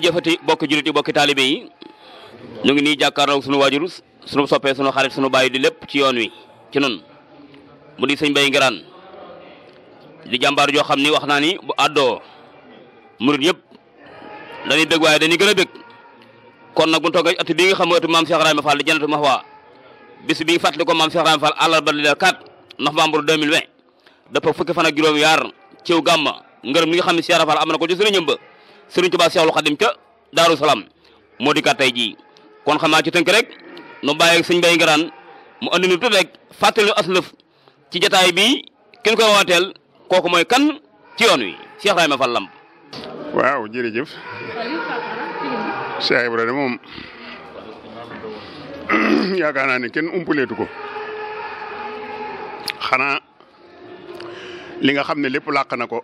jërëjëfati bokki julit yi bokki taalibe yi ñu ngi nii jàkkaarloog sunu waajur sunu soppee sunu xarit sunu bàyyi di lépp ci yoon wi ci nun mu di sëñ Mbay Ngiraan di jàmbaar joo xam ni wax ni bu àddoo murit yëpp dañuy bég waaye dañuy gën a bég kon nag bu ñu toogee at bii nga xam mooy atu maam Cheikh Rahma Fall di jannatu Mahwa bis bi fàttali ko maam Cheikh Rahma Fall àllarba le 4 novembre 2020 fukki fan juróom yaar ciw gàmma ngërëm li nga xam ne Cheikh am na ko ci sëriñam ba Serigne Touba Cheikhoul Khadim ca Daaru moo di kat tey jii kon xam naa ci tënk rek nu bàyyi sëñ Bay Ngiraan mu andi nu tudd rek fàttali aslëf ci jataay bi kenn koy waateel kooku mooy kan ci yoon wi Cheikh Ibrahima Fall Lamp waaw jërëjëf Cheikh Ibrahima moom yaakaar naa ne kenn umpaleetu ko xanaa li nga xam ne lépp làq na ko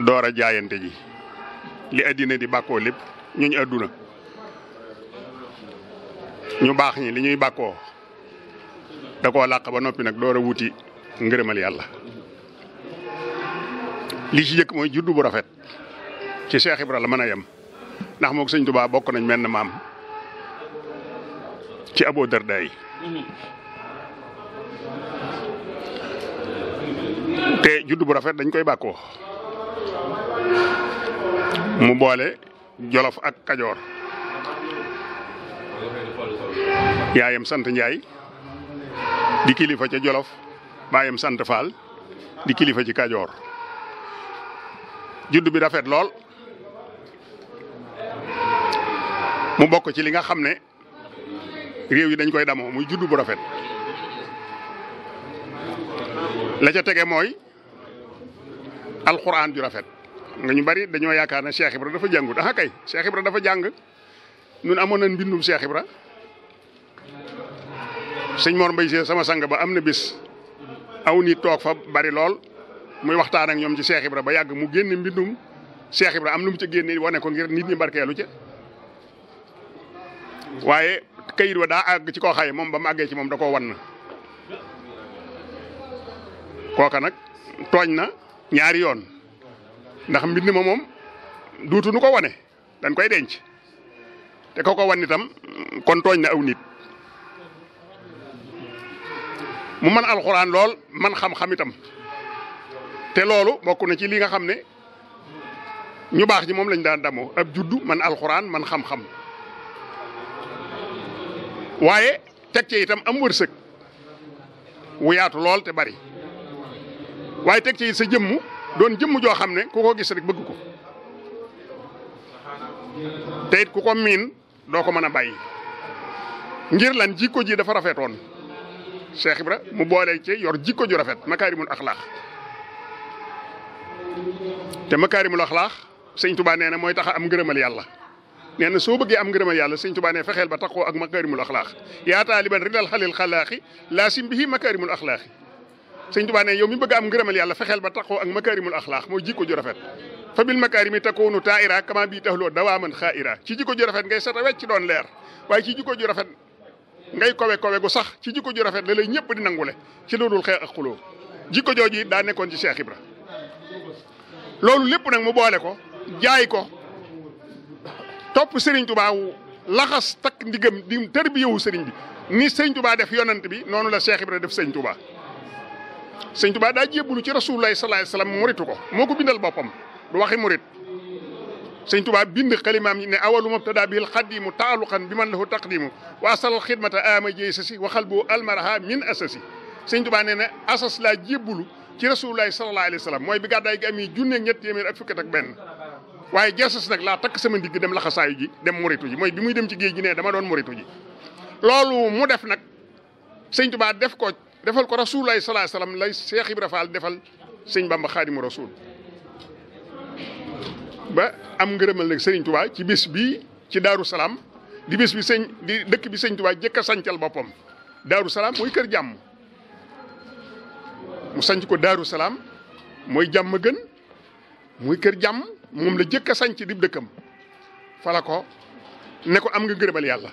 door a jaayante ji li addina di bàkkoo lépp ñuñ adduna ñu baax ñi li ñuy bàkkoo da ko làq ba noppi nag door a wuti ngërëmal yàlla li ci jëkk mooy juddu bu rafet ci Cheikh Ibra la mën a yem ndax moog sëñ Tuubaa bokk nañ menn maam ci Abuu Dardaa yi te juddu bu rafet dañ koy bàkkoo mu boole jolof ak kajoor yaayam sant njaay di kilifa ca jolof baayam sant faal di kilifa ci kajoor judd bi rafet lool mu bokk ci li nga xam ne réew yi dañ koy damoo muy judd bu rafet la ca tege mooy alxuraan ju rafet nga ñu bari dañoo yaakaar ne Cheikh Ibra dafa jàngut ah kay Cheikh Ibra dafa jàng ñun amoon nañ mbindum Cheikh Ibra sëñ Mor Mbaye sama sang ba am na bis aw nit toog fa bari lool muy waxtaan ak ñoom ci Cheikh Ibra ba yàgg mu génn mbindum Cheikh Ibra am lu mu ci génne wane ko ngir nit ñi barkeelu ca waaye kayit wa daa àgg ci koo xaye moom ba mu àggee ci moom da koo wan kooka nag tooñ na ñaari yoon. ndax mbind ma moom duutu nu ko wane dañ koy denc te ko ko wan kon tooñ na aw nit mu man alxuraan lool man xam-xam itam te loolu bokk na ci li nga xam ne ñu baax ji moom lañ daan damoo ab juddu man alxuraan man xam-xam waaye teg ci am wërsëg wu yaatu lool te bari waaye teg ci sa jëmmu doon jëmm joo xam ne ku ko gis rek bëgg ko te ku ko miin doo ko mën a bàyyi ngir lan jikko ji dafa rafetoon Cheikh Ibra mu boole ci yor jikko ju rafet makaarimul axlaax te makaarimul axlaax sëñ Tuubaa nee na mooy tax a am ngërëmal yàlla nee na soo bëggee am ngërëmal yàlla sëñ Tuubaa fexeel ba tax taxoo ak makaarimul axlaax yaa taaliban ridal xalil xalaaxi laa sim ma makaarimul axlaaxi sëñ Tuubaa ne yow mi bëgg am ngërëmal yàlla fexeel ba taxoo ak makaarimul axlaax mooy jikko ju rafet fa bil makaarimi takoonu taaira kama bii taxloo dawaaman xaaira ci jikko ju rafet ngay sata wecc doon leer waaye ci jikko ju rafet ngay kowe kowe gu sax ci jikko ju rafet la lay ñëpp di nangule ci loolul xeex ak xuloo jikko jooju daa nekkoon ci Cheikh Ibra loolu lépp nag mu boole ko jaay ko topp Serigne Touba laxas takk ndigam di tërbiyewu Serigne bi ni Serigne Touba def yonant bi noonu la Cheikh Ibra def Serigne Touba. sëñ Tuubaa daa jébbalu ci rasulullahi sallallahu alayhi wasallam mu muritu ko moo ko bindal boppam du waxi murit sëñ Tuubaa bind xalimaam ñi ne awalu mubtada bil xadimu taaluqan bi man lahu taqdimu wa asal xidmata ama jëy sasi waxal boo almaraha min asasi sëñ Tuubaa nee na asas laa jébbalu ci rasulullahi sallallahu alayhi wasallam mooy bi gàddaay gi amee junne ak ñett téeméer ak fukkat ak benn waaye jasas nag laa takk sama ndigg dem laxasaayu ji dem muritu ji mooy bi muy dem ci géej gi ne dama doon muritu ji loolu mu def nag sëñ def ko defal ko rasulullahi sallallahu alayhi wasallam lay Seex bi Faal defal sëñ Bamba Xaadimu Rasul ba am ngërëmal nag sëriñ Touba ci bis bi ci Daaru Salaam di bis bi sëñ di dëkk bi sëñ Touba jëkk a sancal boppam Daaru Salaam mooy kër jàmm mu sanc ko Daaru Salaam mooy jàmm gën muy kër jàmm moom la jëkk a sanc dib dëkkam fala ko ne ko am nga ngërëmal yàlla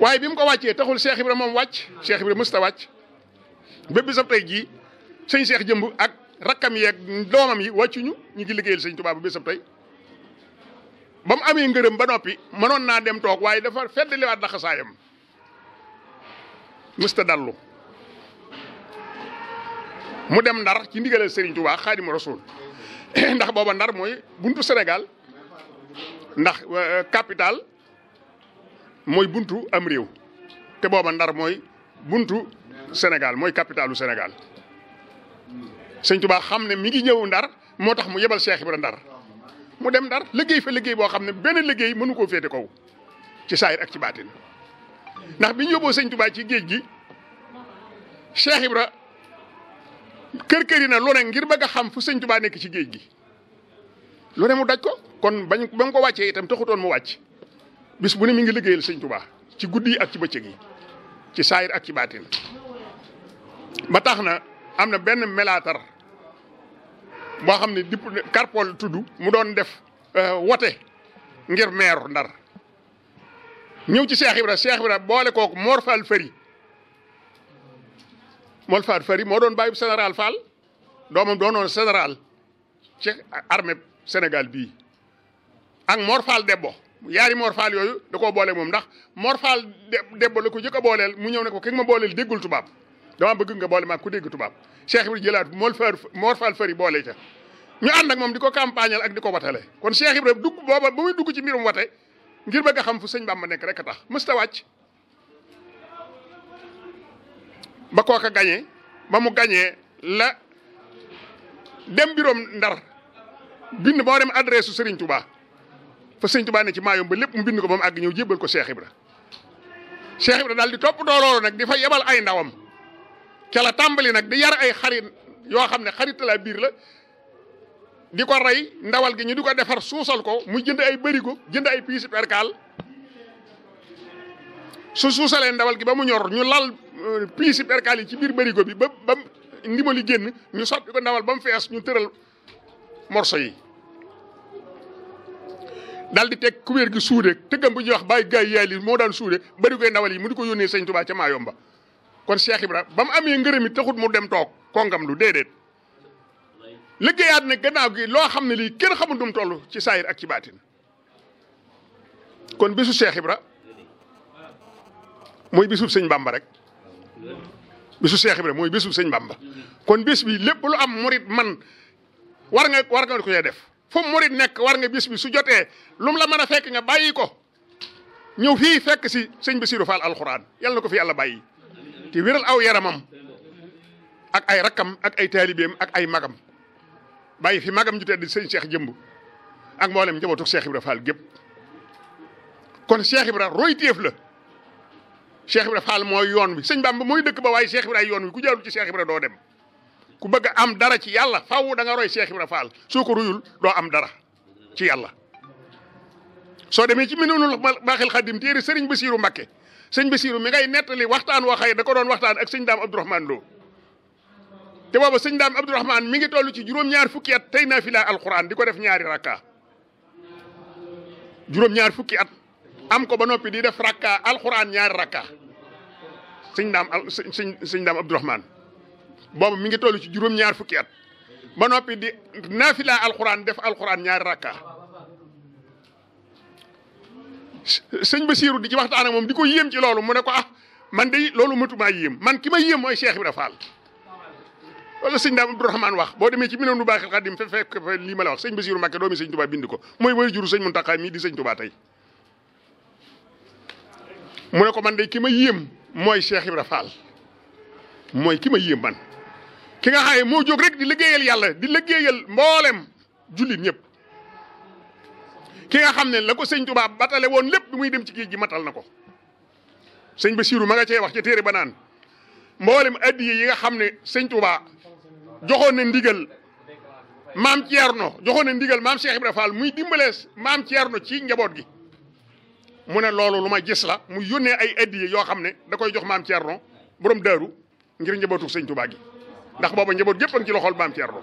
waaye bi mu ko wàccee taxul seex Ibra moom wàcc Cheikh Ibra musta wàcc ba bisab tey jii sëñ Cheikh jëmb ak rakkam yeeg doomam yi wàccuñu ñu ngi liggéeyal sëñ Tuubaa ba bisab tey ba mu amee ngërëm ba noppi mënoon naa dem toog waaye dafa fedd liwaat laxasaayam musta dallu mu dem ndar ci ndigalal Serigne Touba Xaadimu Rasuul ndax booba ndar mooy buntu Sénégal ndax euh, capital mooy buntu am réew te booba ndar mooy buntu Sénégal mooy capitalu Sénégal sëñ Tuubaa xam ne mi ngi ñëw ndar moo tax mu yebal Cheikh Ibra ndar mu dem ndar liggéey fa liggéey boo xam ne benn liggéey mënu koo féete kaw ci saayir ak ci baatin ndax bi ñu yóbboo sëñ Tuubaa ci géej gi Cheikh Ibra kër këri na lu ngir bëgg a xam fu sëñ Tuubaa nekk ci géej gi lu ne mu daj ko kon bañ ba mu ko wàccee itam taxutoon mu wàcc bis bu ne mi ngi liggéeyal sëñ Touba ci guddi ak ci bëccëg yi ci saayir ak ci baatin ba tax na am na benn melaatar boo xam ne dipp Carpol tudd mu doon def euh, wote ngir meeru Ndar ñëw ci Cheikh Ibra seex Ibra boole kooku Mor Fall Fari moo doon bàyyi général Fall doomam doonoon général ci armée Sénégal bii ak Mor Fall Debbo yaari morfaal yooyu da koo boole moom ndax morfaal debba la ko jëkk a booleel mu ñëw ne ko ki ma booleel déggul tubaab dama bëgg nga boole maag ku dégg tubaab Cheikh Ibrahima jëlaat mool far morfaal fari boole ca ñu ànd ak moom di ko campagnal ak di ko watale kon Cheikh Ibrahima dugg booba ba muy dugg ci mbirum wate ngir bëgg a xam fu sëñ Bamba nekk rek a tax mësta wàcc ba kooka gañee ba mu gañee la dem biroom ndar bind moo dem adresse su Serigne Touba. fa sëñ Tuubaa ne ci maayom ba lépp mu bind ko ba mu àgg ñëw jébbal ko Cheikh Ibra Cheikh Ibra daal di topp doo nag di fa yebal ay ndawam ca la tàmbali nag di yar ay xarit yoo xam ne xarit la biir la di ko rey ndawal gi ñu di ko defar suusal ko mu jënd ay bërigo jënd ay piis perkaal su suusalee ndawal gi ba mu ñor ñu lal euh, piis perkaal yi ci biir bërigo bi ba ba ndimali génn ñu sotti ko ndawal ba mu fees ñu tëral morso yi daal di teg kubéer gi suude tëggam bu ñuy wax bàyyi gaay yaay li moo daan suude bari koy ndawal yi mu di ko yónnee sëñ Tuubaa ca Maayomba kon Cheikh Ibra ba mu amee ngërëm it taxut mu dem toog kongam lu déedéet liggéeyaat ne gannaaw gi loo xam ne lii kenn xamul mu tollu ci saayir ak ci baatin kon bisu Cheikh ra mooy bisub sëñ Bamba rek bisu Cheikh Ibra mooy bisub sëñ Bamba kon bis bi lépp lu am murit man war nga war nga ko def fu murit nekk war nga bis bi su jotee lu la mën a fekk nga bàyyi ko ñëw fii fekk si sëñ Bassirou Fall alxuraan yal na ko fi yàlla bàyyi te wéral aw yaramam ak ay rakkam ak ay taalibeem ak ay magam bàyyi fi magam ju tedd di sëñ Cheikh Jëmb ak mboolem njabootu Cheikh Ibra Fall gépp kon bi Cheikh Ibra royteef la Cheikh Ibra Fall mooy yoon wi sëñ ba mooy dëkk ba waaye Cheikh Ibra ay yoon wi ku jaarul ci Cheikh ra doo dem ku bëgg am dara ci yàlla faaw da nga roy Cheikh Ibra doo am dara ci yàlla. soo demee ci minanul baaxil xadim téere sëriñ Basiiru Mbakke sëñ Basiiru mi ngay nettali waxtaan woo xëy da ko doon waxtaan ak sëñ daam Abdourahmane Lo te booba sëñ daam Abdourahmane mi ngi toll ci juróom-ñaar fukki at tey naa fi laa di ko def ñaari rakka juróom-ñaar fukki at am ko ba noppi di def rakka alxuraan ñaari rakka sëñ daam sëñ sëñ daam Abdourahmane boobu mi ngi toll ci juróom-ñaar fukki at ba noppi di naafila alxuraan def alxuraan ñaari rakka sëñ Basiiru di ci waxtaan ak moom di ko yéem ci loolu mu ne ko ah man de loolu matumaa man ki ma yéem mooy Cheikh Ibra Fall wala sëñ daam Abdourahmane wax boo demee ci Minanu Baaxil Xadim fe fekk fa lii ma la wax sëñ Basiiru Mbàkke doomi sëñ Tuubaa bind ko mooy woy juru sëñ Muntaxa mii di sëñ ne ko man de ki ma yéem mooy Cheikh Ibra Fall mooy ki ma yéem man ki nga xam moo jóg rek di liggéeyal yàlla di liggéeyal mboolem jullit ñëpp ki nga xam ne la ko sëñ Tuubaa batale woon lépp muy dem ci géej gi matal na ko sëñ Basiiru ma nga cee wax ci téere ba naan mboolem addiye yi nga xam ne sëñ joxoon na ndigal maam Thierno joxoon na ndigal maam Cheikh muy dimbalee maam Thierno ci njaboot gi mu ne loolu lu ma gis la mu yónnee ay addiye yoo xam ne da koy jox maam Thierno borom daaru ngir njabootu sëñ Tuubaa gi ndax booba njaboot yëpp a ci loxol maam Thierno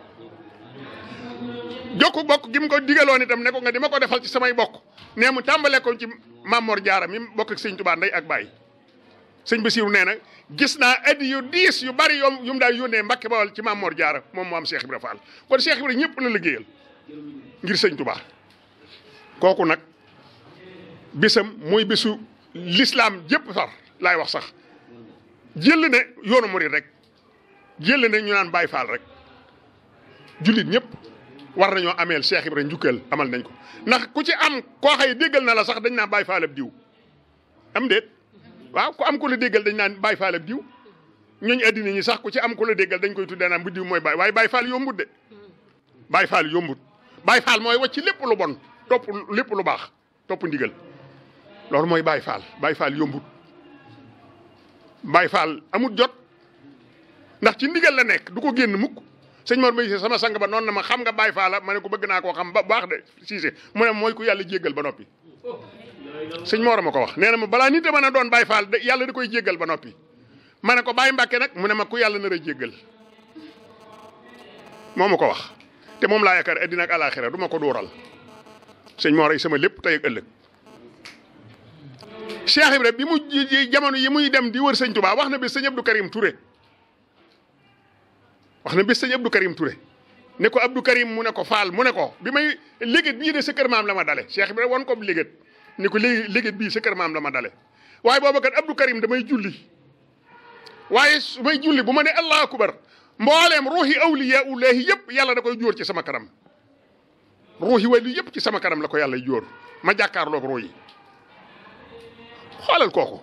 jokku bokk gi mu ko digaloon itam ne ko nga di ma ko defal ci samay bokk ne mu tàmbalee ci Mamor Jaara mi bokk ak sëñ Tuubaa ndey ak baay sëñ Basiiru nee na gis naa addi yu diis yu bari yoom yu mu daal yónnee Mbàkke Bawol ci Mamor Jaara moom moo am Cheikh Ibra Fall kon Cheikh Ibra ñëpp la liggéeyal ngir sëñ Tuubaa kooku nag bisam mooy bisu lislaam jëpp sax laay wax sax jël ne yoonu murid rek jëlle nañ ñu naan Baye Fall rek jullit ñëpp war nañoo ameel Cheikh Ibrahima njukkal amal nañ ko ndax ku ci am koo xay déggal na la sax dañ naan Baye Fall ab diw am déet waaw ku am ko la déggal dañ naan Baye Fall ab diw ñooñu addina sax ku ci am ko la déggal dañ koy tuddee naan bu diw mooy Baye waaye Baye Fall yombut de Baye Fall yombut Baye Fall mooy wacc lépp lu bon topp lépp lu baax topp ndigal loolu mooy Baye Fall Baye Fall yombut Baye Fall amut jot. ndax ci ndigal la nekk du ko génn mukk sëñ Mor Mbaye sama sang ba noon na ma xam nga Baye Fall ma ne ko bëgg naa ko xam ba baax de Cissé moo mooy ku yàlla jéggal ba noppi. sëñ Mor ma ko wax nee na ma balaa nit a a doon Baye Fall yàlla da koy jéggal ba noppi ma ne ko Baye Mbacke nag mu ne ma ku yàlla nar a jéggal moo ma ko wax. te moom laa yaakaar addina ak alaaxira du ma ko dooral sëñ moo ay sama lépp tey ak ëllëg Cheikh Ibrahima bi mu jamono yi muy dem di wër sëñ Touba wax na bi sëñ Abdou Karim ture wax na bés sëñ Abdou Karim Touré ne ko Abdou Karim mu ne ko faal mu ne ko bi may léget bii de sa maam la ma dale Cheikh bi won ko léget ne ko léegi léget bii sa kër maam la ma dale waaye booba kat Abdou Karim damay julli waaye su may julli bu ma ne allah akubar mbooleem ruuxi awliyaa ullaahi yëpp yàlla da koy jóor ci sama kanam ruuxi wali yëpp ci sama karam la ko yàlla jóor ma jàkkaarloog ruux yi xoolal kooku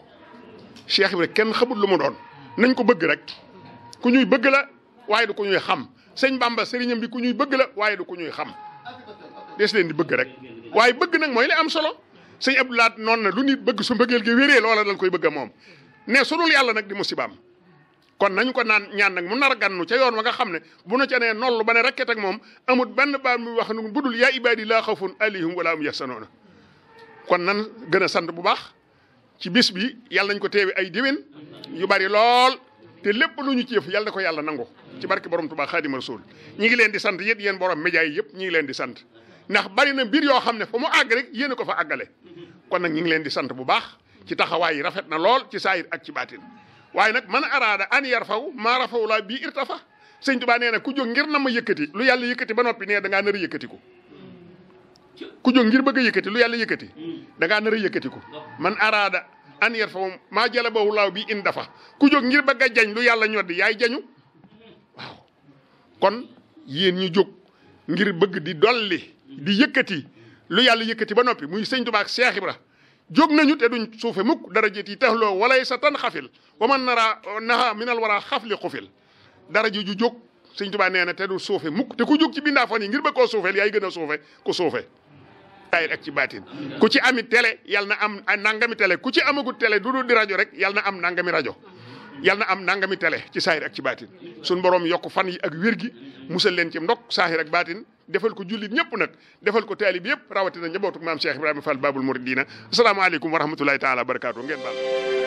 Cheikh bi kenn xamul lu mu doon ko bëgg waaye du ko ñuy xam sëñ Bamba sëriñam bi ku ñuy bëgg la waaye du ko ñuy xam des leen di bëgg rek waaye bëgg nag mooy li am solo sëñ Abdou laat noon na lu nit bëgg su mbëggeel gi wéree loola dañ koy bëgg moom ne su yàlla nag di musibaam kon nañu ko naan ñaan nag mu nar a gannu ca yoon wa nga xam ne bu na ca nee nollu ba ne rakket ak moom amut benn baat muy wax nu budul yaa ibaadi laa xawfun alayhim wala hum yahzanoona kon nan gën a sant bu baax ci bis bi yàlla nañ ko teewi ay déwén yu bari lool te lépp lu ñu ci yëf yàlla na ko yàlla nangu ci barke borom Tuubaa Xaadimu Rasuul ñi ngi leen di sant yéen yéen borom média yi yëpp leen di sant ndax bari na mbir yoo xam ne fa mu àgg rek yéen ko fa àggale kon nag ñi leen di sant bu baax ci taxawaay yi rafet na lool ci saayir ak ci baatin waaye nag man araada an yar faw maa rafaw laa bii irtafa sëñ Tuubaa nee na ku jóg ngir na ma yëkkati lu yàlla yëkkati ba noppi nee da ngaa nar a ko ku jóg ngir bëgg a yëkkati lu mm. a yëkkati ko mm. an yar fa moom maa jële boobu laaw bi in dafa ku jóg ngir bëgg a jañ lu yàlla ñoddi yaay jañu waaw kon yéen ñu jóg ngir bëgg di dolli di yëkkati lu yàlla yëkkati ba noppi muy sëñ Tuubaa ak Seex Ibra jóg nañu te duñ suufe mukk darajët yi taxloo walay sa tan xafil wa man nara naha minal wara xafli xufil daraja ju jóg sëñ Tuubaa nee na te du suufe mukk te ku jóg ci bindaa fan yi ngir bëgg koo suufeel yaay gën a suufe ku suufe saayir ak ci baatin ku ci amit télé yal na am nangami télé ku ci amagut tele du dul di rajo rek yal na am nangami rajo yal na am nangami télé ci saayir ak ci baatin suñ borom yokk fan yi ak wér gi musal leen ci ndok saahir ak baatin defal ko jullit ñëpp nag defal ko taalib yëpp rawatina njabootu maam Cheikh Ibrahima Fall Babul Mouridina asalaamaaleykum wa rahmatulahi taala wa barakaatu ngeen baal